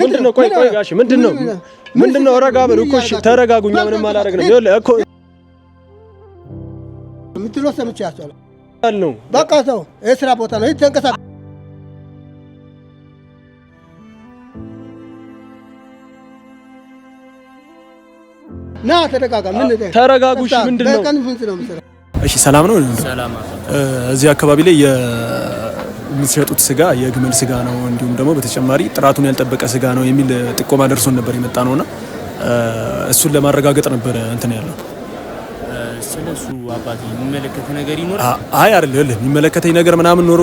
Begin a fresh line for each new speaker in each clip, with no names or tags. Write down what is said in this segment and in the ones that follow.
ምንድነው? ቆይ ቆይ፣ ጋሽ ምንድነው? ምንድነው? ረጋ በሉ እኮ እሺ፣ ተረጋጉኛ። ምንም አላደረግንም። ይኸውልህ እኮ የምትለው ሰምቻለሁ ነው። በቃ ሰው የስራ ቦታ ነው ተንቀሳቀስ ና ተረጋጋ። ምን ተረጋጉ። እሺ ምንድን ነው? እሺ ሰላም ነው። እዚህ አካባቢ ላይ የምትሸጡት ስጋ የግመል ስጋ ነው፣ እንዲሁም ደግሞ በተጨማሪ ጥራቱን ያልጠበቀ ስጋ ነው የሚል ጥቆማ ደርሶን ነበር የመጣ ነውና እሱን ለማረጋገጥ ነበረ እንትን ያለው።
ስለሱ አባት የሚመለከተ ነገር ይኖር?
አይ አይደል የሚመለከተኝ ነገር ምናምን ኖሮ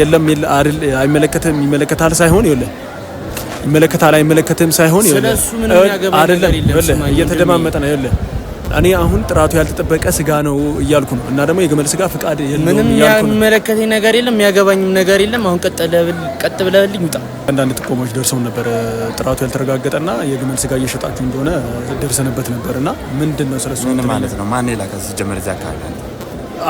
የለም አይደል አይመለከትም። ይመለከታል ሳይሆን ይኸውልህ ይመለከታል አይመለከትም ሳይሆን ስለሱ
ምንም ያገባ ነገር የለም።
እየተደማመጠ ነው ይኸውልህ እኔ አሁን ጥራቱ ያልተጠበቀ ስጋ ነው እያልኩ ነው። እና ደግሞ የግመል ስጋ ፍቃድ
ምንም የሚመለከተኝ ነገር የለም፣ የሚያገባኝም ነገር የለም። አሁን ቀጥ ብለህልኝ ውጣ።
አንዳንድ ጥቆሞች ደርሰው ነበር፣ ጥራቱ ያልተረጋገጠና የግመል ስጋ እየሸጣችሁ እንደሆነ ደርሰንበት ነበር። እና ምንድን ነው ስለሱ
ምን ማለት ነው? ማን ላከ ሲጀመር እዚያ አካባቢ?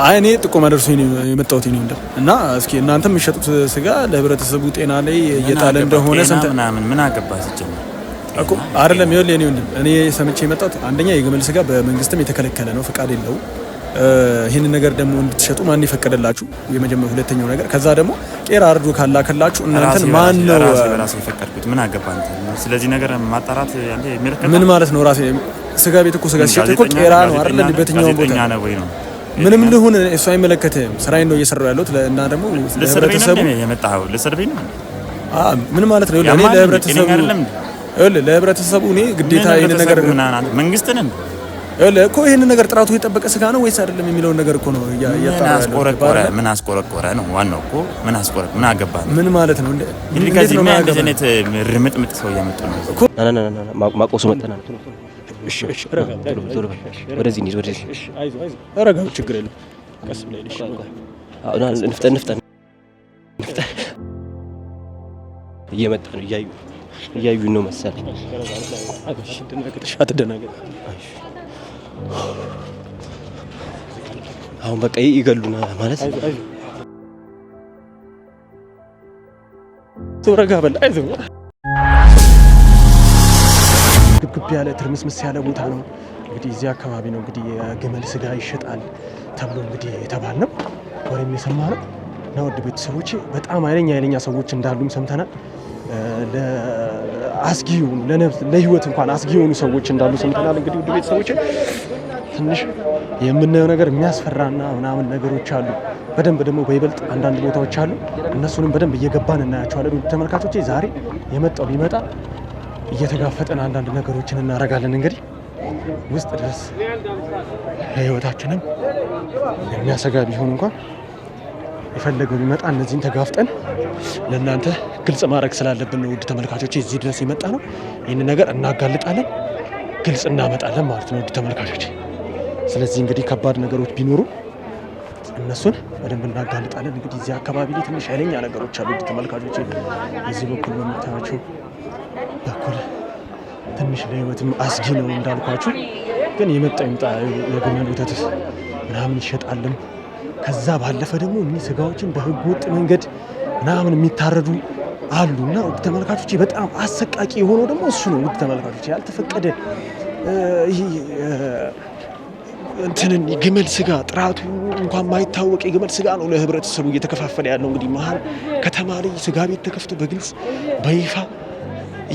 አይ እኔ ጥቆማ ደርሶ የመጣሁት ነው እንደው እና እስኪ እናንተ የሚሸጡት ስጋ ለህብረተሰቡ ጤና ላይ እየጣለ እንደሆነ
ምናምን ምን አገባ ሲጀመር
እኮ አይደለም። ይኸውልህ የእኔ ወንድም እኔ ሰምቼ የመጣሁት አንደኛ የግመል ስጋ በመንግስትም የተከለከለ ነው፣ ፍቃድ የለውም። ይህንን ነገር ደግሞ እንድትሸጡ ማን የፈቀደላችሁ? የመጀመሪያ ሁለተኛው ነገር። ከዛ ደግሞ ቄራ አርዶ ካላከላችሁ እናንተን ማን ነው
ራሴ የፈቀድኩት? ምን አገባ አንተ። ስለዚህ ነገር ማጣራት
ምን ማለት ነው? ራሴ ስጋ ቤት እኮ ስጋ ሲሸጥ እኮ ቄራ ነው አይደለ? በየትኛውም ቦታ ምንም ልሁን እሱ አይመለከትም። ስራዬን ነው እየሰራሁ ያለሁት እና ደግሞ
ለህብረተሰቡ የመጣኸው ልሰድበኝ ነው።
ምን ማለት ነው? ለህብረተሰቡ ለህብረተሰቡ እኔ ግዴታ ይሄን ነገር መንግስትን እለ እኮ ይሄን ነገር ጥራቱ የጠበቀ ስጋ ነው ወይስ አይደለም የሚለውን ነገር እኮ ነው
ያጣራ። ምን አስቆረቆረ ነው ዋናው እኮ ምን አስቆረቆረ ምን አገባ
ነው ምን ማለት ነው?
እንዴ ከዚህ ምን እንደዚህ አይነት ርምጥምጥ ሰው እያመጡ ነው
እኮ ና ና ና ማቆሱ መጣና እሺ እሺ ረጋ ወደዚህ እንሂድ ወደዚህ አይዞ አይዞ ረጋው ችግር የለም ቀስ ብለህ እሺ እንፍጠን እንፍጠን እየመጣ ነው እያዩ እያዩ ነው መሰለ። አሁን በቃ ይገሉናል ማለት ረጋ በል አይዞህ። ግብግብ ያለ ትርምስምስ ያለ ቦታ ነው እንግዲህ እዚህ አካባቢ ነው እንግዲህ የግመል ስጋ ይሸጣል ተብሎ እንግዲህ የተባል ነው ወይም የሰማ ነው። ውድ ቤተሰቦች በጣም ኃይለኛ ኃይለኛ ሰዎች እንዳሉም ሰምተናል። አስጊ የሆኑ ለነፍስ ለህይወት እንኳን አስጊ የሆኑ ሰዎች እንዳሉ ሰምተናል። እንግዲህ ውድ ቤተሰቦች ትንሽ የምናየው ነገር የሚያስፈራና ምናምን ነገሮች አሉ። በደንብ ደግሞ በይበልጥ አንዳንድ ቦታዎች አሉ። እነሱንም በደንብ እየገባን እናያቸዋለን። ውድ ተመልካቾች ዛሬ የመጣው ቢመጣ እየተጋፈጠን አንዳንድ ነገሮችን እናደርጋለን። እንግዲህ ውስጥ ድረስ ለህይወታችንም የሚያሰጋ ቢሆን እንኳን የፈለገው ቢመጣ እነዚህን ተጋፍጠን ለእናንተ ግልጽ ማድረግ ስላለብን ውድ ተመልካቾች እዚህ ድረስ የመጣ ነው። ይህን ነገር እናጋልጣለን፣ ግልጽ እናመጣለን ማለት ነው ውድ ተመልካቾች። ስለዚህ እንግዲህ ከባድ ነገሮች ቢኖሩ እነሱን በደንብ እናጋልጣለን። እንግዲህ እዚህ አካባቢ ላይ ትንሽ ኃይለኛ ነገሮች አሉ ውድ ተመልካቾች። እዚህ በኩል በምታያቸው በኩል ትንሽ ለህይወትም አስጊ ነው እንዳልኳችሁ። ግን የመጣ ይምጣ የጎመን ወተት ምናምን ይሸጣልም። ከዛ ባለፈ ደግሞ እኒህ ስጋዎችን በህገ ወጥ መንገድ ምናምን የሚታረዱ አሉና ውድ ተመልካቾች፣ በጣም አሰቃቂ የሆነው ደግሞ እሱ ነው። ውድ ተመልካቾች፣ ያልተፈቀደ እንትንን ግመል ስጋ ጥራቱ እንኳን ማይታወቅ የግመል ስጋ ነው ለህብረተሰቡ እየተከፋፈለ ያለው። እንግዲህ መሀል ከተማ ላይ ስጋ ቤት ተከፍቶ በግልጽ በይፋ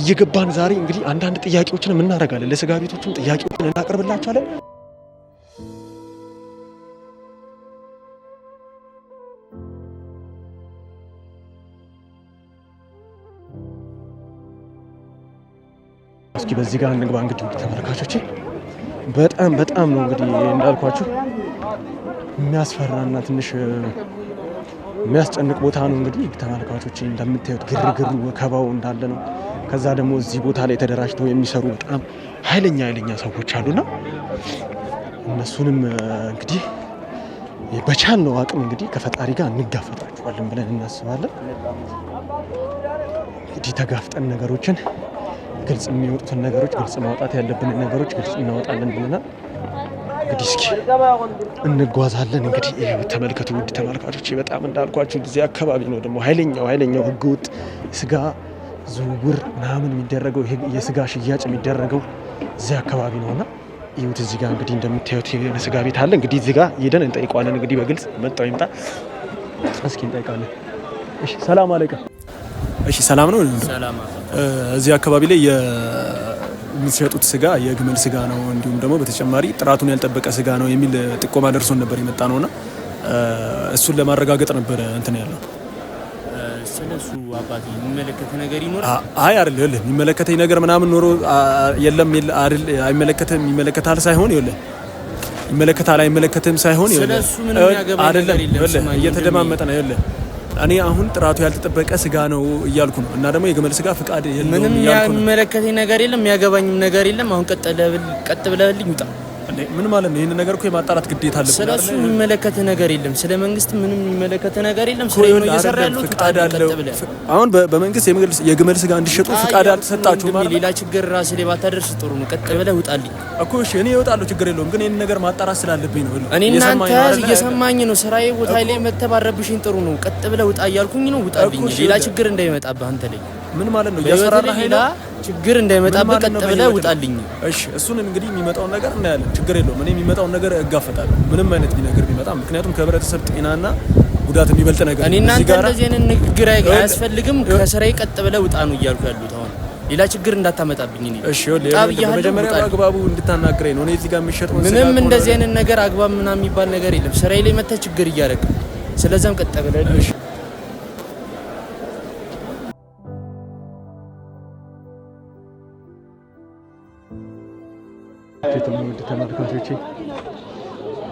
እየገባን ዛሬ እንግዲህ አንዳንድ ጥያቄዎችን እናደርጋለን። ለስጋ ቤቶቹም ጥያቄዎችን እናቀርብላቸዋለን። እስኪ በዚህ ጋር እንግባ። እንግዲህ ተመልካቾቼ በጣም በጣም ነው እንግዲህ እንዳልኳችሁ የሚያስፈራና ትንሽ የሚያስጨንቅ ቦታ ነው። እንግዲህ ተመልካቾቼ እንደምታዩት ግርግሩ ወከባው እንዳለ ነው። ከዛ ደግሞ እዚህ ቦታ ላይ ተደራጅተው የሚሰሩ በጣም ኃይለኛ ኃይለኛ ሰዎች አሉና እነሱንም እንግዲህ በቻልነው አቅም እንግዲህ ከፈጣሪ ጋር እንጋፈጣቸዋለን ብለን እናስባለን። እንግዲህ ተጋፍጠን ነገሮችን ግልጽ የሚወጡትን ነገሮች ግልጽ ማውጣት ያለብንን ነገሮች ግልጽ እናወጣለን ብለናል። እንግዲህ እስኪ እንጓዛለን። እንግዲህ ተመልከቱ ውድ ተመልካቾች፣ በጣም እንዳልኳችሁ ጊዜ አካባቢ ነው ደግሞ ኃይለኛው ኃይለኛው ህገወጥ ስጋ ዝውውር ምናምን የሚደረገው የስጋ ሽያጭ የሚደረገው እዚህ አካባቢ ነውና ይሁት እዚህ ጋር እንግዲህ እንደምታዩት የሆነ ስጋ ቤት አለ። እንግዲህ እዚህ ጋር ሄደን እንጠይቀዋለን። እንግዲህ በግልጽ መጣው ይምጣ እስኪ እንጠይቃለን። እሺ ሰላም አለይኩም እሺ፣ ሰላም ነው። እዚህ አካባቢ ላይ የሚሸጡት ስጋ የግመል ስጋ ነው፣ እንዲሁም ደግሞ በተጨማሪ ጥራቱን ያልጠበቀ ስጋ ነው የሚል ጥቆማ ደርሶን ነበር የመጣ ነውና እሱን ለማረጋገጥ ነበረ እንትን ያለው።
ስለሱ አባቴ የሚመለከተ ነገር ይኖር?
አይ አይደል፣ የሚመለከተኝ ነገር ምናምን ኖሮ የለም አይደል፣ አይመለከተም ይመለከታል ሳይሆን ይኸውልህ ይመለከታል አይመለከትም ሳይሆን አይደለም፣ እየተደማመጠ ነው ይኸውልህ እኔ አሁን ጥራቱ ያልተጠበቀ ስጋ ነው እያልኩ ነው። እና ደግሞ የግመል ስጋ ፍቃድ
ምንም የሚመለከተኝ ነገር የለም፣ የሚያገባኝም ነገር የለም። አሁን ቀጥ ብለህልኝ ውጣ።
ምን ማለት ነው? ይሄን ነገር እኮ የማጣራት ግዴታ አለብን።
ስለ እሱ የሚመለከተ ነገር የለም። ስለ መንግስት ምንም የሚመለከተ ነገር የለም። ስለ ነው እየሰራ ያለው
ፍቃድ አለው። አሁን በመንግስት የምግል የግመል ስጋ እንዲሸጡ ፍቃድ አልተሰጣችሁ
ማለት ነው። ሌላ ችግር ራስ ላይ ባታደርስ ጥሩ ነው። ቀጥ ብለህ ውጣልኝ
እኮ እሺ። እኔ እወጣለሁ፣ ችግር የለውም። ግን ይሄን ነገር ማጣራት ስላለብኝ ነው።
እኔ እናንተ እየሰማኝ ነው። ስራዬ ቦታ ላይ መተባረብሽኝ ጥሩ ነው። ቀጥ ብለህ ውጣ እያልኩኝ ነው። ውጣልኝ፣ ሌላ ችግር እንዳይመጣብህ አንተ ላይ ምን ማለት ነው? እያስፈራራህ ነው። ችግር እንዳይመጣብህ ቀጥ ብለህ ውጣልኝ።
እሺ፣ እሱን እንግዲህ የሚመጣውን ነገር እናያለን። ችግር የለውም። እኔ የሚመጣውን ነገር እጋፈጣለሁ፣ ምንም አይነት ነገር ቢመጣ። ምክንያቱም ከህብረተሰብ ጤናና ጉዳት የሚበልጥ ነገር
እኔ እናንተ እንደዚህ አይነት ንግግር አያስፈልግም። ከስራዬ ቀጥ ብለህ ውጣ ነው እያልኩ ያሉት አሁን ሌላ ችግር እንዳታመጣብኝ። ነው።
እሺ መጀመሪያ አግባቡ እንድታናግረኝ ነው። እኔ እዚህ ጋር የሚሸጠው
ምንም እንደዚህ አይነት ነገር አግባብ ምናምን የሚባል ነገር የለም። ስራዬ ላይ መተህ ችግር እያደረግህ ስለዚያም ቀጥ ብለህ እሺ
ምክንያቱም ውድ ተመልካቾቼ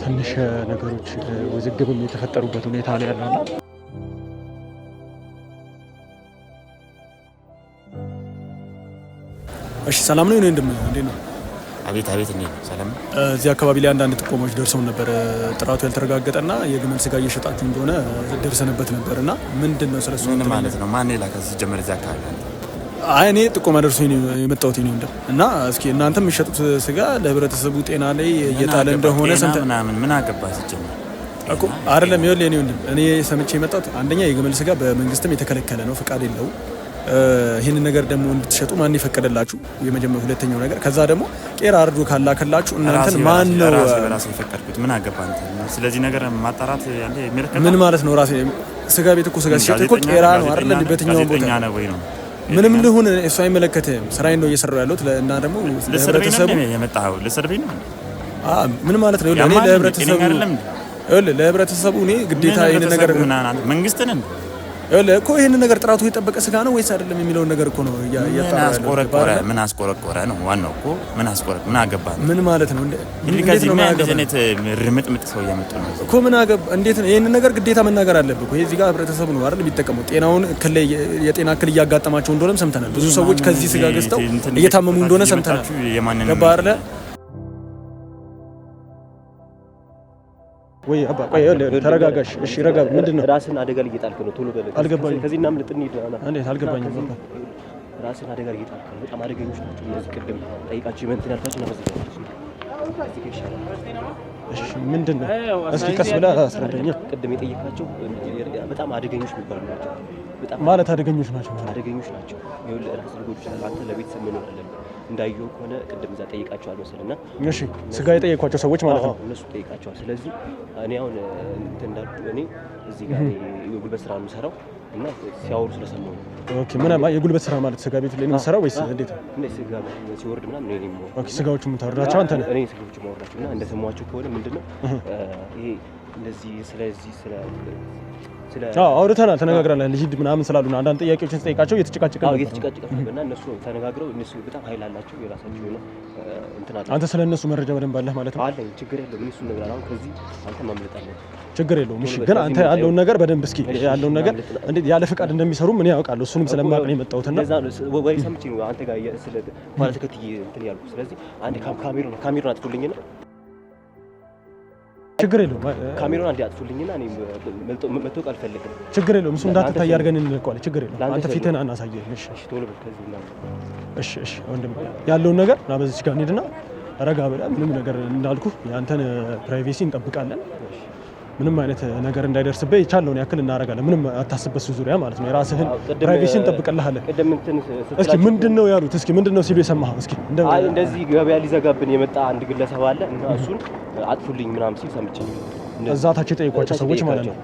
ትንሽ ነገሮች ውዝግብም የተፈጠሩበት ሁኔታ ላይ ያለው ነው። እሺ ሰላም ነው። እኔ እንደምን እንዴ ነው?
አቤት አቤት፣ እንዴ ነው? ሰላም ነው።
እዚህ አካባቢ ላይ አንዳንድ ጥቆማዎች ደርሰው ነበር። ጥራቱ ያልተረጋገጠና የግመል ስጋ እየሸጣችሁ እንደሆነ ደርሰንበት ነበርና እና ምንድን ነው ስለሱ?
ምን ማለት ነው? ማን ላከ? ሲጀመር እዚህ አካባቢ
አይ እኔ ጥቆማ ደርሶ የመጣሁት ነው እንደው እና እስኪ እናንተ የሚሸጡት ስጋ ለህብረተሰቡ ጤና ላይ እየጣለ እንደሆነ ሰምተህ
ምናምን ምን አገባ ሲጀመር
እኮ አይደለም ይኸውልህ፣ እኔ ወንድም እኔ ሰምቼ የመጣሁት አንደኛ የግመል ስጋ በመንግስትም የተከለከለ ነው፣ ፈቃድ የለው። ይህንን ነገር ደግሞ እንድትሸጡ ማን የፈቀደላችሁ? የመጀመሪያ ሁለተኛው ነገር። ከዛ ደግሞ ቄራ አርዶ ካላከላችሁ እናንተን ማን ነው
የፈቀድኩት? ምን አገባ አንተ። ስለዚህ ነገር ማጣራት
ምን ማለት ነው? ራሴ ስጋ ቤት እኮ ስጋ ሲሸጥ እኮ ቄራ ነው አይደል? በየትኛውም ቦታ ነው ምንም ልሁን እሱ አይመለከትም። ስራዬን ነው እየሰራሁ ያለሁት እና ደግሞ
ለህብረተሰቡ የመጣው ልሰርቤ ነው።
ምን ማለት ነው? ለህብረተሰቡ እኔ ግዴታ ይሄን ነገር መንግስትን እኮ ይህን ነገር ጥራቱ የጠበቀ ስጋ ነው ወይስ አይደለም የሚለውን ነገር እኮ ነው።
ምን አስቆረቆረ? ምን አስቆረቆረ ነው ዋናው እኮ። ምን አስቆረቆረ ምን አገባ? ምን ማለት ነው? ርምጥምጥ ሰው እያመጡ ነው
እኮ። ምን አገባ? እንዴት ነው ይህን ነገር ግዴታ መናገር አለብህ እኮ። እዚህ ጋር ህብረተሰቡ ነው አይደል የሚጠቀመው። ጤናውን የጤና እክል እያጋጠማቸው እንደሆነም ሰምተናል። ብዙ ሰዎች ከዚህ ስጋ ገዝተው እየታመሙ እንደሆነ ሰምተናል። ገባህ አይደለ ወይ አባ ቆይ ተረጋጋሽ። እሺ ረጋ። ምንድን ነው
ራስን አደጋ ላይ እየጣልክ ነው? ቶሎ በል። አልገባኝም። ከዚህ እናምልጥ እንሂድ።
እንዴት አልገባኝም።
ራስን አደጋ ላይ እየጣልክ ነው። በጣም አደገኞች ናቸው እነዚህ። ቅድም ጠይቃቸው መንትን ያልኳቸው ነበር።
እሺ ምንድን ነው? እስኪ ቀስ ብለህ አስረዳኝ።
ቅድም የጠየቅናቸው በጣም አደገኞች የሚባሉ ናቸው።
ማለት አደገኞች ናቸው።
አደገኞች ናቸው። ይኸውልህ ራስን ልጎች ይችላል። አንተ ለቤተሰብ መኖር አለብህ እንዳየሁ ከሆነ ቅድም እዛ ጠይቃቸዋል መሰለና፣
እሺ ስጋ የጠየኳቸው ሰዎች ማለት ነው።
እነሱ ጠይቃቸዋል። ስለዚህ እኔ አሁን እንትን እንዳልኩ እኔ እዚህ ጋር የጉልበት ስራ ነው የምሰራው እና ሲያወሩ ስለሰማሁ ነው።
ኦኬ ምን ማለት የጉልበት ስራ ማለት ስጋ ቤት ላይ ነው የምሰራው ወይስ እንዴት ነው?
እኔ ስጋ ቤት ሲወርድ ምናምን እኔ ነው።
ኦኬ ስጋዎቹ የምታወርዳቸው አንተ ነህ?
እኔ ስጋዎቹ የማወርዳቸው እና እንደሰማኋቸው ከሆነ ምንድነው ይሄ እንደዚህ ስለዚህ ስለ
አውርተናል ተነጋግራለን። ልሂድ ምናምን ስላሉ አንዳንድ ጥያቄዎችን ስጠይቃቸው እየተጨቃጨቀ
እና እነሱ ተነጋግረው እነሱ በጣም ኃይል አላቸው የራሳቸው የሆነ
እንትን አለ። አንተ ስለ እነሱ መረጃ በደንብ አለህ ማለት
ነው? አለኝ። ችግር የለውም። እነሱ ነገር አሁን ከዚህ አንተ ማምለጥ አለ።
ችግር የለውም። እሺ፣ ግን አንተ ያለውን ነገር በደንብ እስኪ ያለውን ነገር እንዴት ያለ ፍቃድ እንደሚሰሩ ምን ያውቃለሁ። እሱንም ስለማቅ ነው የመጣሁት እና
ወይ ሰምቼ ነው አንተ ጋር ስለ ማለት ተከትዬ እንትን ያልኩ። ስለዚህ አንድ ካሜራ ካሜራ አጥፉልኝና ችግር የለውም። ካሜራውን አንዴ አጥፉልኝና እኔ መተውቅ አልፈልግም።
ችግር የለውም። እሱ እንዳትታይ አድርገን እንለቀዋለን። ችግር የለውም። አንተ ፊትህን አናሳየህ። እሺ፣ እሺ፣ ቶሎ እና እሺ እሺ፣ ወንድም ያለውን ነገር ና በዚች ጋር እንሂድና ረጋ ብለህ ምንም ነገር እንዳልኩ የአንተን ፕራይቬሲ እንጠብቃለን። ምንም አይነት ነገር እንዳይደርስብህ የቻለውን ያክል እናደርጋለን። ምንም አታስበሱ ዙሪያ ማለት ነው። የራስህን ፕራይቬሽን ጠብቀልሃለን። እስኪ ምንድን ነው ያሉት? እስኪ ምንድን ነው ሲሉ የሰማኸው? እስኪ
እንደዚህ ገበያ ሊዘጋብን የመጣ አንድ ግለሰብ አለ እና እሱን አጥፉልኝ ምናምን ሲል ሰምቼ
እዛ ታች የጠየቋቸው ሰዎች ማለት ነው።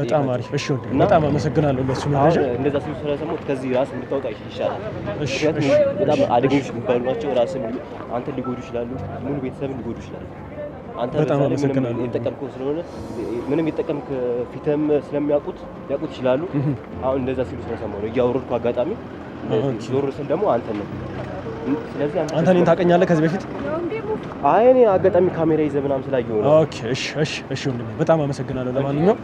በጣም አሪፍ እሺ፣ በጣም አመሰግናለሁ። ለሱ መረጃ
እንደዛ ሲሉ ስለሰማሁት ከዚህ ራስ እንድታወጣ ይሻላል። እሺ፣ በጣም አደገኞች የሚባሉ ናቸው። ራስን አንተ ሊጎዱ ይችላሉ፣ ሙሉ ቤተሰብ ሊጎዱ ይችላሉ። አንተ የጠቀምክ ስለሆነ ምንም የጠቀምክ ፊትም ስለሚያውቁት ያውቁት ይችላሉ። አሁን እንደዛ ሲሉ ስለሰማሁ ነው እያወረድኩ አጋጣሚ ዞር ስል ደግሞ አንተ ነው።
ስለዚህ አንተ እኔን ታውቀኛለህ ከዚህ በፊት?
አይ እኔ አጋጣሚ ካሜራ ይዘህ ምናምን ስላየሁ
ነው። ኦኬ እሺ፣ እሺ፣ እሺ። በጣም አመሰግናለሁ። ለማንኛውም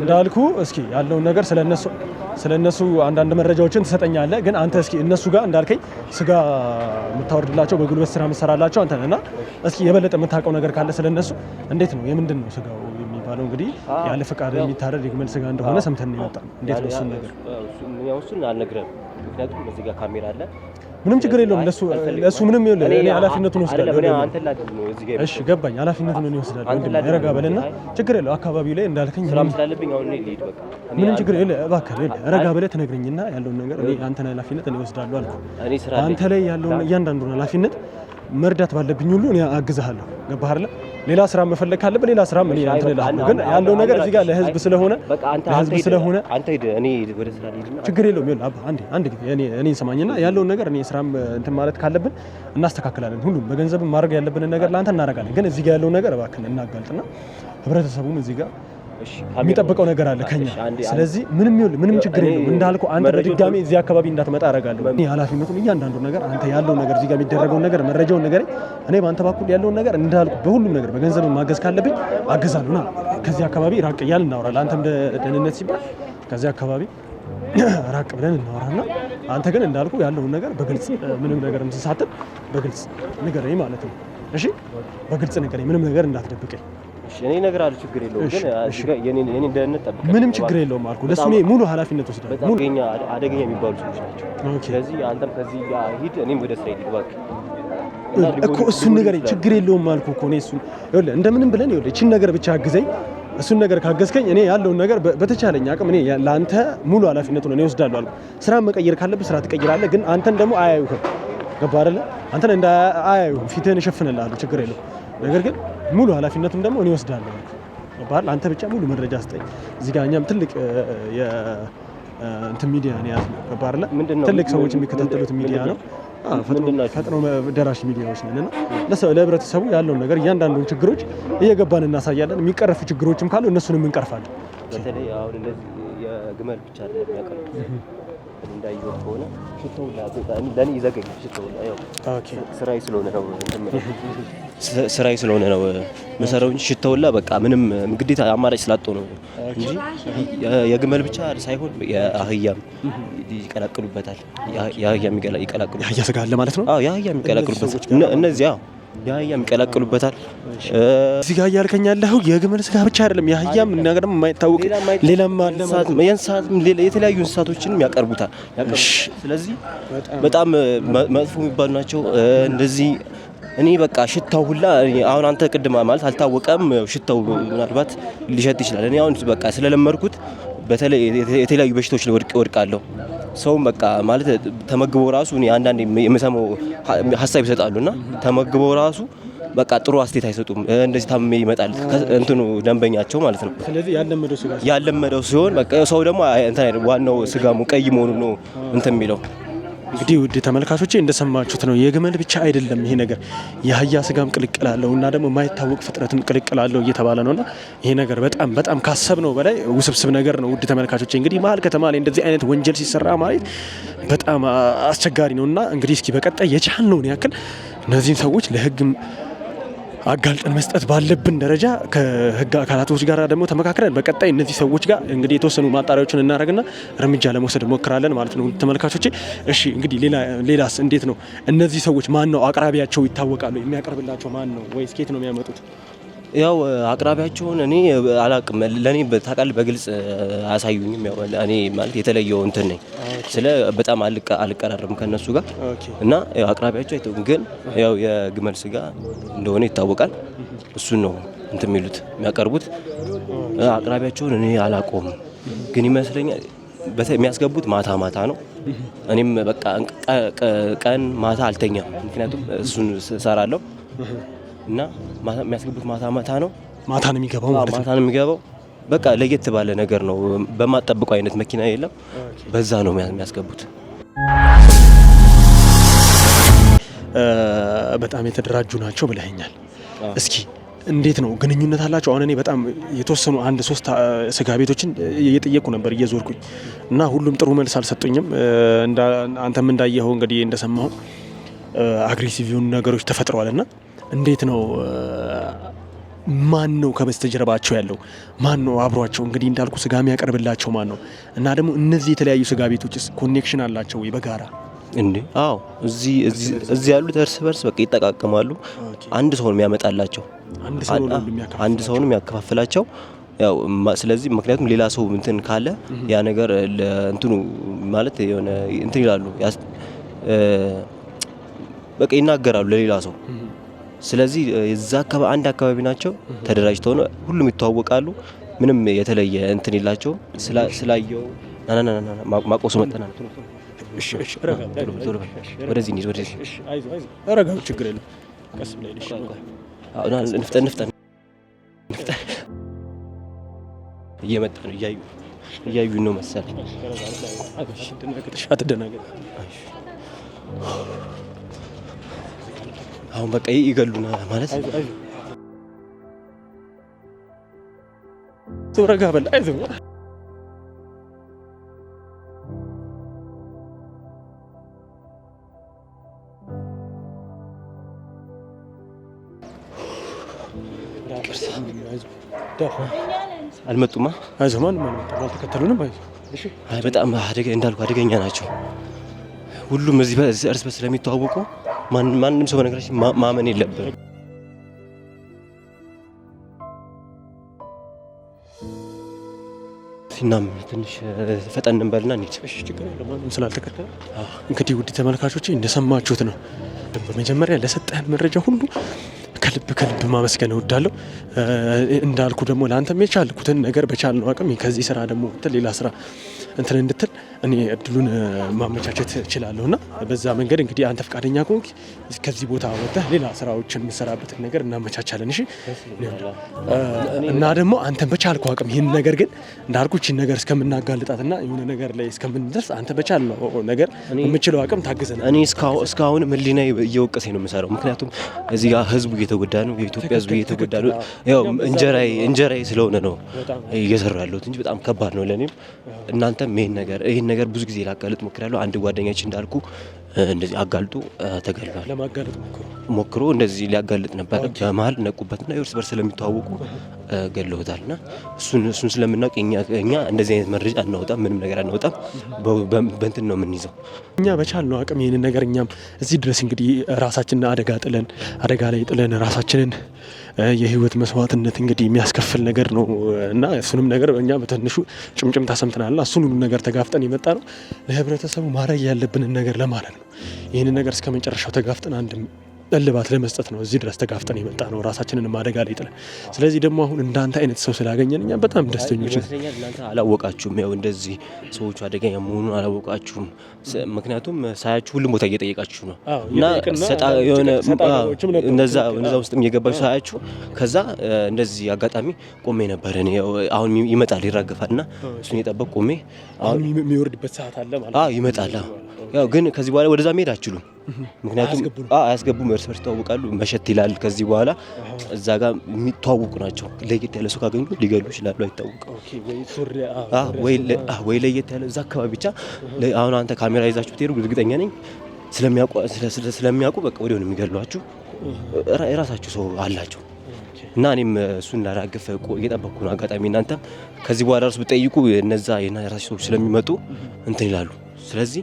እንዳልኩ እስኪ ያለውን ነገር ስለነሱ ስለነሱ አንዳንድ መረጃዎችን ትሰጠኛለህ። ግን አንተ እስኪ እነሱ ጋር እንዳልከኝ ስጋ የምታወርድላቸው በጉልበት ስራ የምትሰራላቸው አንተ እስኪ የበለጠ የምታውቀው ነገር ካለ ስለነሱ እንዴት ነው የምንድን ነው ስጋው የሚባለው? እንግዲህ ያለ ፈቃድ የሚታረድ የግመል ስጋ እንደሆነ ሰምተን ነው እንዴት ነው እሱን ነገር?
እሱን አልነግረህም፣ ምክንያቱም በዚህ ጋር ካሜራ አለ
ምንም ችግር የለውም። ለሱ ለሱ ምንም ይኸውልህ፣ እኔ ኃላፊነቱን ወስዳለሁ። እሺ ገባኝ፣ ኃላፊነቱን እኔ ወስዳለሁ። ረጋ በለና ችግር የለው። አካባቢው ላይ እንዳልከኝ
ስራም አሁን በቃ
ምንም ችግር የለ። እባክህ ረጋ በለ ትነግረኝና ያለውን ነገር እኔ አንተን ኃላፊነት እኔ ወስዳለሁ አልኩ። አንተ ላይ ያለውን እያንዳንዱን ኃላፊነት መርዳት ባለብኝ ሁሉ እኔ አግዝሃለሁ። ገባህ አይደለ? ሌላ ስራ መፈለግ ካለብህ ሌላ ስራ ምን ያንተ ሌላ ግን ያለው ነገር እዚህ ጋር ለህዝብ ስለሆነ
ለህዝብ ስለሆነ
ችግር የለውም። ይኸውልህ አባ አንዴ አንዴ እኔ እኔ ሰማኝና ያለውን ነገር እኔ ስራም እንትን ማለት ካለብን እናስተካክላለን። ሁሉም በገንዘብ ማድረግ ያለብን ነገር ለአንተ እናደርጋለን። ግን እዚህ ጋር ያለው ነገር እባክህን እናጋልጥና ህብረተሰቡም እዚህ ጋር የሚጠብቀው ነገር አለ ከኛ። ስለዚህ ምንም ይሁን ምንም ችግር የለውም። እንዳልኩ አንተ በድጋሚ እዚህ አካባቢ እንዳትመጣ አደርጋለሁ። እኔ ኃላፊነቱን እያንዳንዱ ነገር አንተ ያለው ነገር እዚህ ጋር የሚደረገውን ነገር መረጃውን ነገር እኔ በአንተ በኩል ያለውን ነገር እንዳልኩ በሁሉም ነገር በገንዘብ ማገዝ ካለብኝ አገዛሉና ከዚህ አካባቢ ራቅ እያል እናወራለን። አንተም ደህንነት ሲባል ከዚህ አካባቢ ራቅ ብለን እናወራና አንተ ግን እንዳልኩ ያለውን ነገር በግልጽ ምንም ነገር ምስሳትን በግልጽ ንገረኝ ማለት ነው። እሺ፣ በግልጽ ንገረኝ፣ ምንም ነገር እንዳትደብቀኝ።
እኔ እነግርሃለሁ፣ ችግር የለውም ግን እኔ ደህንነት
ጠብቀህ። ምንም ችግር የለውም አልኩህ። ለእሱ እኔ ሙሉ ኃላፊነት ወስዳለሁ።
አደገኛ የሚባሉ ሰዎች ናቸው። ስለዚህ አንተም ከዚህ ሂድ፣ እኔም ወደ ስራ ሂድ እባክህ
እኮ እሱን ነገር ችግር የለውም አልኩህ እኮ እኔ እሱን ይኸውልህ፣ እንደምንም ብለን ይኸውልህ፣ ይህቺን ነገር ብቻ አግዘኝ እሱን ነገር ካገዝከኝ እኔ ያለውን ነገር በተቻለኝ አቅም እኔ ለአንተ ሙሉ ኃላፊነቱን እኔ ወስዳለሁ አልኩ ስራ መቀየር ካለብህ ስራ ትቀይራለህ፣ ግን አንተን ደግሞ አያዩህም። ገባህ አይደለ? አንተን እንዳያዩህም ፊትህን እሸፍንልሃለሁ። ችግር የለውም ነገር ግን ሙሉ ኃላፊነቱም ደግሞ እኔ ወስዳለሁ ባህል አንተ ብቻ ሙሉ መረጃ ስጠኝ። እዚህ ጋር እኛም ትልቅ እንትን ሚዲያ ነው ያዝነው። ገባህ አይደለ? ትልቅ ሰዎች የሚከታተሉት ሚዲያ ነው። ፈጥኖ ደራሽ ሚዲያዎች ነን እና ለህብረተሰቡ ያለውን ነገር እያንዳንዱን ችግሮች እየገባን እናሳያለን። የሚቀረፉ ችግሮችም ካሉ እነሱንም እንቀርፋለን።
በተለይ አሁን ግመል ብቻ አለ የሚያቀርቡ እንዳየሁ ከሆነ ሽታው ለአጋጣሚ ለእኔ ይዘገኛል። ሽታው ስራዬ ስለሆነ ነው ስራዬ ስለሆነ ነው መሰረው እንጂ ሽታውላ በቃ ምንም ግዴታ አማራጭ ስላጡ ነው እንጂ የግመል ብቻ ሳይሆን የአህያም ይቀላቅሉበታል። የአህያም ይቀላቅሉበታል።
ያያ ስጋ አለ ማለት ነው።
አዎ የአህያም ይቀላቅሉበታል እነዚያ የአህያም ይቀላቅሉበታል። እዚህ ጋር እያልከኝ ያለኸው የግመል ስጋ ብቻ አይደለም፣ የአህያም እና ደግሞ የማይታወቅ ሌላም የእንስሳትም የተለያዩ እንስሳቶችንም ያቀርቡታል። ስለዚህ በጣም መጥፎ የሚባሉ ናቸው እንደዚህ እኔ በቃ ሽታው ሁላ አሁን አንተ ቅድማ ማለት አልታወቀም። ሽታው ምናልባት ሊሸት ይችላል። እኔ አሁን በቃ ስለለመድኩት በተለይ የተለያዩ በሽታዎች ወድቃለሁ። ሰው በቃ ማለት ተመግቦ ራሱ እኔ አንዳንድ የምሰማው ሀሳብ ይሰጣሉ እና ተመግበው ራሱ በቃ ጥሩ አስቴት አይሰጡም። እንደዚህ ታምሜ ይመጣል እንትኑ ደንበኛቸው ማለት ነው። ስለዚህ ያለመደው ሲሆን በቃ ሰው ደግሞ ዋናው ስጋሙ ቀይ መሆኑ ነው እንትን የሚለው
እንግዲህ ውድ ተመልካቾቼ እንደሰማችሁት ነው። የግመል ብቻ አይደለም ይሄ ነገር የአህያ ስጋም ቅልቅል አለው እና ደግሞ የማይታወቅ ፍጥረትም ቅልቅል አለው እየተባለ እና ይሄ ነገር በጣም በጣም ነው በላይ ውስብስብ ነገር ነው። ውድ ተመልካቾቼ እንግዲህ መሀል ከተማ ላይ እንደዚህ አይነት ወንጀል ሲሰራ ማለት በጣም አስቸጋሪ ነውና እንግዲህ እስኪ በቀጣይ የቻልነውን ያክል እነዚህን ሰዎች ለህግ አጋልጠን መስጠት ባለብን ደረጃ ከህግ አካላቶች ጋር ደግሞ ተመካክረን በቀጣይ እነዚህ ሰዎች ጋር እንግዲህ የተወሰኑ ማጣሪያዎችን እናደርግና እርምጃ ለመውሰድ እንሞክራለን ማለት ነው። ተመልካቾቼ፣ እሺ እንግዲህ ሌላስ እንዴት ነው? እነዚህ ሰዎች ማን ነው አቅራቢያቸው ይታወቃሉ? የሚያቀርብላቸው ማን ነው? ወይስ ኬት ነው የሚያመጡት?
ያው አቅራቢያቸውን እኔ አላቅም። ለእኔ ታውቃለህ፣ በግልጽ አያሳዩኝም። ያው እኔ ማለት የተለየው እንትን ነኝ ስለ በጣም አልቀራርም ከነሱ ጋር እና አቅራቢያቸው አይተው፣ ግን ያው የግመል ስጋ እንደሆነ ይታወቃል። እሱን ነው እንትን የሚሉት የሚያቀርቡት። አቅራቢያቸውን እኔ አላቆም፣ ግን ይመስለኛል የሚያስገቡት ማታ ማታ ነው። እኔም በቃ ቀን ማታ አልተኛም፣ ምክንያቱም እሱን እሰራለሁ እና የሚያስገቡት ማታ ማታ ነው። ማታ ነው የሚገባው ማለት ነው። ማታ ነው የሚገባው። በቃ ለየት ባለ ነገር ነው። በማጠብቀው አይነት መኪና የለም። በዛ ነው የሚያስገቡት።
በጣም የተደራጁ ናቸው ብለኸኛል። እስኪ እንዴት ነው ግንኙነት አላቸው? አሁን እኔ በጣም የተወሰኑ አንድ ሶስት ስጋ ቤቶችን እየጠየቁ ነበር እየዞርኩኝ እና ሁሉም ጥሩ መልስ አልሰጡኝም። አንተም እንዳየኸው እንግዲህ እንደሰማኸው አግሬሲቭ የሆኑ ነገሮች ተፈጥረዋል እና እንዴት ነው ማን ነው ከበስተጀርባቸው ያለው? ማን ነው አብሯቸው? እንግዲህ እንዳልኩ ስጋ የሚያቀርብላቸው ማን ነው? እና ደግሞ እነዚህ የተለያዩ ስጋ ቤቶችስ ኮኔክሽን አላቸው ወይ በጋራ
እንዴ? አዎ፣ እዚህ ያሉት እርስ በርስ በቃ ይጠቃቀማሉ። አንድ ሰው ነው የሚያመጣላቸው፣
አንድ ሰው ነው የሚያከፋፍላቸው።
ያው ስለዚህ ምክንያቱም ሌላ ሰው እንትን ካለ ያ ነገር እንትኑ ማለት የሆነ እንትን ይላሉ፣ በቃ ይናገራሉ ለሌላ ሰው ስለዚህ የዛ አንድ አካባቢ ናቸው። ተደራጅተው ነው ሁሉም ይተዋወቃሉ። ምንም የተለየ እንትን የላቸውም። ስላየው ማቆሱ መጠና
ወደዚህ እንሂድ፣ ወደዚህ ረጋው፣ ችግር የለም። ቀስ ብላ ንፍጠን ንፍጠን እየመጣ ነው። እያዩ እያዩ ነው መሰለኝ። አትደናገጥ አሁን በቃ ይገሉናል ማለት ረጋ በል አይዞህ። አልመጡማ። አይዞህ ማንም አልተከተሉንም። አይዞህ
በጣም አደገ እንዳልኩ አደገኛ ናቸው ሁሉም እዚህ እርስ በርስ ስለሚተዋወቁ ማንም ሰው በነገራችን ማመን የለብንም።
እናም ትንሽ ፈጠን እንበልና ስላልተከተለ። እንግዲህ ውድ ተመልካቾች እንደሰማችሁት ነው። በመጀመሪያ ለሰጠህን መረጃ ሁሉ ከልብ ከልብ ማመስገን እወዳለሁ። እንዳልኩ ደግሞ ለአንተም የቻልኩትን ነገር በቻልነው አቅም ከዚህ ስራ ደግሞ ሌላ ስራ እንትን እንድትል እኔ እድሉን ማመቻቸት እችላለሁ ና በዛ መንገድ እንግዲህ አንተ ፈቃደኛ ከሆንክ ከዚህ ቦታ ወጥተህ ሌላ ስራዎችን የምሰራበትን ነገር እናመቻቻለን። እሺ እና ደግሞ አንተን በቻልኩ አቅም ይህን ነገር ግን እንዳልኩ ይህን ነገር እስከምናጋልጣትና የሆነ ነገር ላይ እስከምንደርስ አንተ በቻልነው ነገር የምችለው አቅም ታግዘን።
እኔ እስካሁን ህሊና እየወቀሰኝ ነው የምሰራው። ምክንያቱም እዚህ ጋር ህዝቡ እየተጎዳ ነው፣ የኢትዮጵያ ህዝቡ እየተጎዳ ነው። ያው እንጀራዬ ስለሆነ ነው እየሰራ ያለሁት እንጂ በጣም ከባድ ነው ለእኔም እናንተ እናንተም ይህን ነገር ይህን ነገር ብዙ ጊዜ ላጋልጥ ሞክራለሁ። አንድ ጓደኛችን እንዳልኩ እንደዚህ አጋልጦ ተገልሏል። ለማጋለጥ ሞክሮ እንደዚህ ሊያጋልጥ ነበር። በመሀል ነቁበትና የእርስ በርስ ስለሚተዋወቁ ገለውታል። እና እሱን ስለምናውቅ እኛ እንደዚህ አይነት መረጃ አናወጣም፣ ምንም ነገር አናወጣም። በእንትን ነው የምንይዘው
እኛ በቻልነው አቅም ይህንን ነገር እኛም እዚህ ድረስ እንግዲህ ራሳችንን አደጋ ጥለን አደጋ ላይ ጥለን ራሳችንን የህይወት መስዋዕትነት እንግዲህ የሚያስከፍል ነገር ነው እና እሱንም ነገር እኛ በትንሹ ጭምጭም ታሰምትናለ እሱን ሁሉ ነገር ተጋፍጠን የመጣ ነው ለህብረተሰቡ ማድረግ ያለብንን ነገር ለማለት ነው። ይህንን ነገር እስከ መጨረሻው ተጋፍጠን አንድም እልባት ለመስጠት ነው እዚህ ድረስ ተጋፍጠን የመጣ ነው ራሳችንን አደጋ ላይ ጥለን። ስለዚህ ደግሞ አሁን እንዳንተ አይነት ሰው ስላገኘን እኛ በጣም ደስተኞች
አላወቃችሁም፣ ያው እንደዚህ ሰዎቹ አደገኛ መሆኑን አላወቃችሁም። ምክንያቱም ሳያችሁ ሁሉም ቦታ እየጠየቃችሁ ነው እና እነዛ ውስጥም እየገባችሁ ሳያችሁ ከዛ እንደዚህ አጋጣሚ ቆሜ ነበር እኔ አሁን ይመጣል ይራገፋል እና እሱን የጠበቅ ቆሜ
አሁን የሚወርድበት ሰዓት አለ
ማለት ይመጣል። ያው ግን ከዚህ በኋላ ወደዛ መሄድ አችሉም ምክንያቱም አያስገቡም፣ እርስ በርስ ይተዋወቃሉ። መሸት ይላል። ከዚህ በኋላ እዛ ጋር የሚተዋወቁ ናቸው። ለየት ያለ ሰው ካገኙ ሊገሉ ይችላሉ፣ አይታወቅም። ወይ ለየት ያለ እዛ አካባቢ ብቻ። አሁን አንተ ካሜራ ይዛችሁ ብትሄዱ እርግጠኛ ነኝ ስለሚያውቁ በቃ ወዲያው የሚገሏችሁ። የራሳችሁ ሰው አላቸው እና እኔም እሱን ላራግፍ እየጠበኩ ነው። አጋጣሚ እናንተም ከዚህ በኋላ እርስ ብጠይቁ እነዛ የራሳችሁ ሰዎች ስለሚመጡ እንትን ይላሉ። ስለዚህ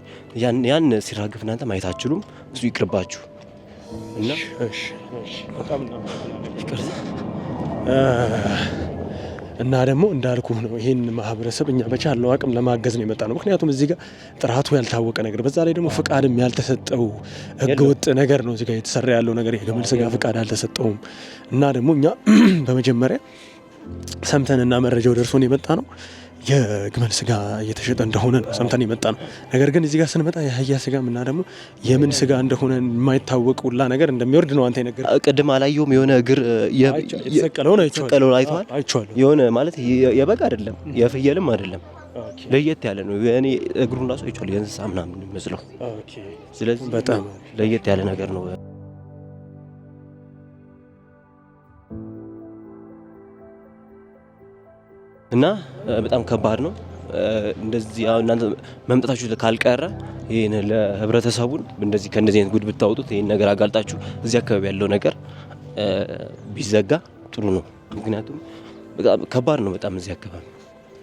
ያን ሲራግፍ እናንተ ማየት አትችሉም። እሱ ይቅርባችሁ
እና እና ደግሞ እንዳልኩ ነው። ይህን ማህበረሰብ እኛ በቻለው አቅም ለማገዝ ነው የመጣ ነው። ምክንያቱም እዚህ ጋር ጥራቱ ያልታወቀ ነገር፣ በዛ ላይ ደግሞ ፍቃድም ያልተሰጠው ህገወጥ ነገር ነው እዚህ ጋር የተሰራ ያለው ነገር። የግመል ስጋ ፍቃድ አልተሰጠውም እና ደግሞ እኛ በመጀመሪያ ሰምተንና መረጃው ደርሶን የመጣ ነው። የግመል ስጋ እየተሸጠ እንደሆነ ነው ሰምተን የመጣ ነው። ነገር ግን እዚህ ጋር ስንመጣ የአህያ ስጋ ምና ደግሞ የምን ስጋ እንደሆነ የማይታወቅ ሁላ ነገር እንደሚወርድ ነው አንተ ነገር
ቅድም አላየሁም። የሆነ እግር
የተሰቀለውን አይቼዋለሁ።
የሆነ ማለት የበግ አይደለም የፍየልም አይደለም ለየት ያለ ነው። እኔ እግሩን ራሱ አይቼዋለሁ። የእንስሳ ምናምን የሚመስለው ስለዚህ በጣም ለየት ያለ ነገር ነው። እና በጣም ከባድ ነው። እንደዚህ አሁን እናንተ መምጣታችሁ ካልቀረ ይህን ለህብረተሰቡን እንደዚህ ከእንደዚህ አይነት ጉድ ብታወጡት ይህን ነገር አጋልጣችሁ እዚህ አካባቢ ያለው ነገር ቢዘጋ ጥሩ ነው። ምክንያቱም በጣም ከባድ ነው። በጣም እዚህ አካባቢ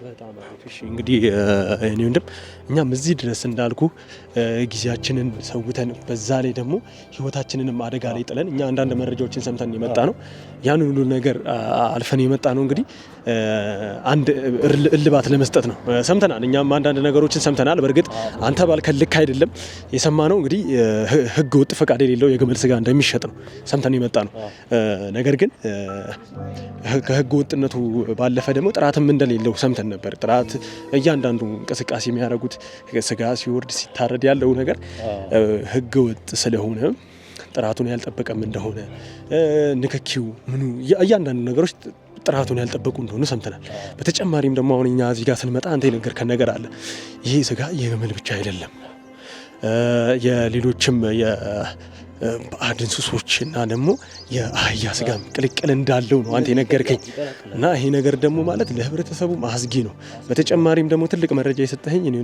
በጣም እንግዲህ እኔ ወንድም እኛም እዚህ ድረስ እንዳልኩ ጊዜያችንን ሰውተን በዛ ላይ ደግሞ ህይወታችንንም አደጋ ላይ ጥለን እኛ አንዳንድ መረጃዎችን ሰምተን የመጣ ነው። ያን ሁሉ ነገር አልፈን የመጣ ነው እንግዲህ አንድ እልባት ለመስጠት ነው። ሰምተናል፣ እኛም አንዳንድ ነገሮችን ሰምተናል። በእርግጥ አንተ ባልከ ልክ አይደለም ነው እንግዲህ ሕገ ወጥ ፈቃድ የሌለው የግመል ስጋ እንደሚሸጥ ነው ሰምተን የመጣ ነው። ነገር ግን ከሕገ ወጥነቱ ባለፈ ደግሞ ጥራትም እንደሌለው ሰምተን ነበር። ጥራት እያንዳንዱ እንቅስቃሴ የሚያደርጉት ስጋ ሲወርድ ሲታረድ ያለው ነገር ሕገ ወጥ ስለሆነ ጥራቱን ያልጠበቀም እንደሆነ ንክኪው ምኑ እያንዳንዱ ነገሮች ጥራቱን ያልጠበቁ እንደሆኑ ሰምተናል። በተጨማሪም ደግሞ አሁን እኛ እዚህ ጋር ስንመጣ አንተ የነገርከን ነገር አለ። ይሄ ስጋ የግመል ብቻ አይደለም፣ የሌሎችም የባዕድን እንስሶች እና ደግሞ የአህያ ስጋም ቅልቅል እንዳለው ነው አንተ የነገርከኝ እና ይሄ ነገር ደግሞ ማለት ለህብረተሰቡ አስጊ ነው። በተጨማሪም ደግሞ ትልቅ መረጃ የሰጠኸኝ እኔ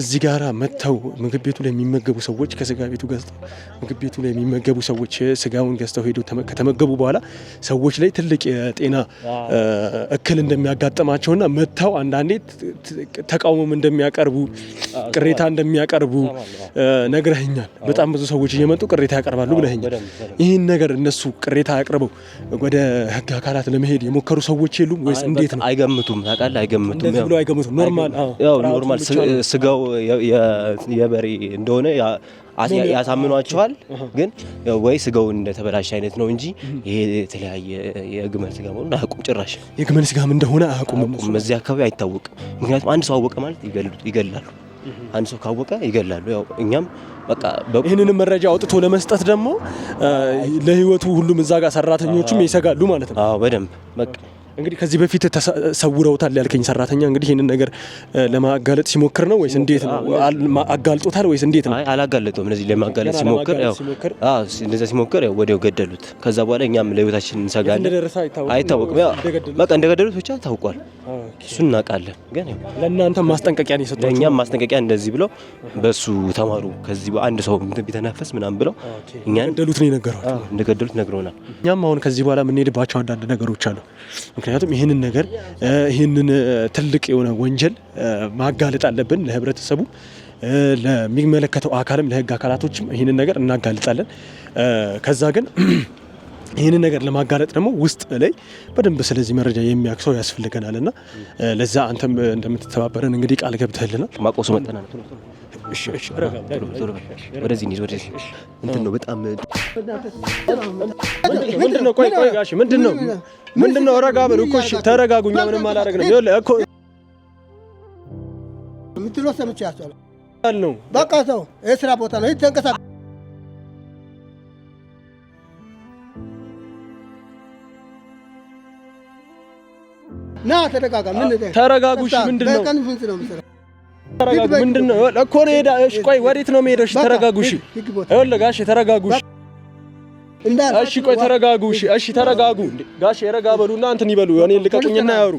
እዚህ ጋር መጥተው ምግብ ቤቱ ላይ የሚመገቡ ሰዎች ከስጋ ቤቱ ገዝተው ምግብ ቤቱ ላይ የሚመገቡ ሰዎች ስጋውን ገዝተው ሄዶ ከተመገቡ በኋላ ሰዎች ላይ ትልቅ የጤና እክል እንደሚያጋጥማቸውና መጥተው አንዳንዴ ተቃውሞም እንደሚያቀርቡ ቅሬታ እንደሚያቀርቡ ነግረህኛል። በጣም ብዙ ሰዎች እየመጡ ቅሬታ ያቀርባሉ ብለህኛል። ይህን ነገር እነሱ ቅሬታ አቅርበው ወደ ህግ አካላት ለመሄድ የሞከሩ ሰዎች የሉም ወይስ እንዴት ነው?
አይገምቱም። ታውቃለህ፣ አይገምቱም። ኖርማል ስጋው የበሬ እንደሆነ ያሳምኗቸዋል። ግን ወይ ስጋው እንደተበላሸ አይነት ነው እንጂ ይሄ የተለያየ የግመል ስጋ መሆኑን አያውቁም። ጭራሽ
የግመል ስጋም እንደሆነ አያውቁም።
እዚህ አካባቢ አይታወቅም። ምክንያቱም አንድ ሰው አወቀ ማለት ይገላሉ። አንድ ሰው ካወቀ ይገላሉ። ያው እኛም በቃ
ይህንንም መረጃ አውጥቶ ለመስጠት ደግሞ ለህይወቱ ሁሉም እዛ ጋር ሰራተኞቹም ይሰጋሉ ማለት ነው።
አዎ በደንብ በቃ
እንግዲህ ከዚህ በፊት ሰውረውታል ያልከኝ ሰራተኛ እንግዲህ ይህንን ነገር ለማጋለጥ ሲሞክር ነው ወይስ እንዴት ነው? አጋልጦታል ወይስ እንዴት ነው?
አላጋለጡም። እነዚህ ለማጋለጥ ሲሞክር እንደዛ ሲሞክር ወዲያው ገደሉት። ከዛ በኋላ እኛም ለህይወታችን እንሰጋለን። አይታወቅም፣ በቃ እንደገደሉት ብቻ ታውቋል። እሱ እናውቃለን። ግን
ለእናንተ ማስጠንቀቂያ ነው የሰጧቸው።
ለእኛም ማስጠንቀቂያ እንደዚህ ብለው በእሱ ተማሩ፣ ከዚህ አንድ ሰው ቢተነፈስ ምናምን ብለው እኛ እንደገደሉት ነው የነገሯቸው።
እንደገደሉት ነግሮናል። እኛም አሁን ከዚህ በኋላ የምንሄድባቸው አንዳንድ ነገሮች አሉ። ምክንያቱም ይህንን ነገር ይህንን ትልቅ የሆነ ወንጀል ማጋለጥ አለብን ለህብረተሰቡ ለሚመለከተው አካልም ለህግ አካላቶችም ይህንን ነገር እናጋልጣለን። ከዛ ግን ይህንን ነገር ለማጋለጥ ደግሞ ውስጥ ላይ በደንብ ስለዚህ መረጃ የሚያውቅ ሰው ያስፈልገናል እና ለዛ አንተም እንደምትተባበረን እንግዲህ ቃል ገብተህልናል።
ማቆሱ መጠና ነው።
ወደዚህ እንሂድ። ወደዚህ እንትን ነው በጣም ምንድን ነው? ቆይ ቆይ፣ ጋሽ ምንድን ነው? ምንድን ነው? ረጋ በሉ እኮ ተረጋጉኛ። ምንም አላደረግንም። ይኸውልህ እኮ
የምትለው ሰምቻቸዋለሁ። በቃ ሰው ይህ ቦታ ነው። ይህ ተንቀሳቀስ ና ተረጋጋ። ተረጋጉሽ። ምንድን
ነው ምንድን ነው እኮ ነው እሺ ቆይ ወዴት ነው የምሄደው? እሺ ይኸውልህ ጋሼ እሺ ቆይ እሺ ተረጋጉ ጋሼ። ረጋ በሉና እንትን ይበሉ። እኔ ልቀቁኝና ያወሩ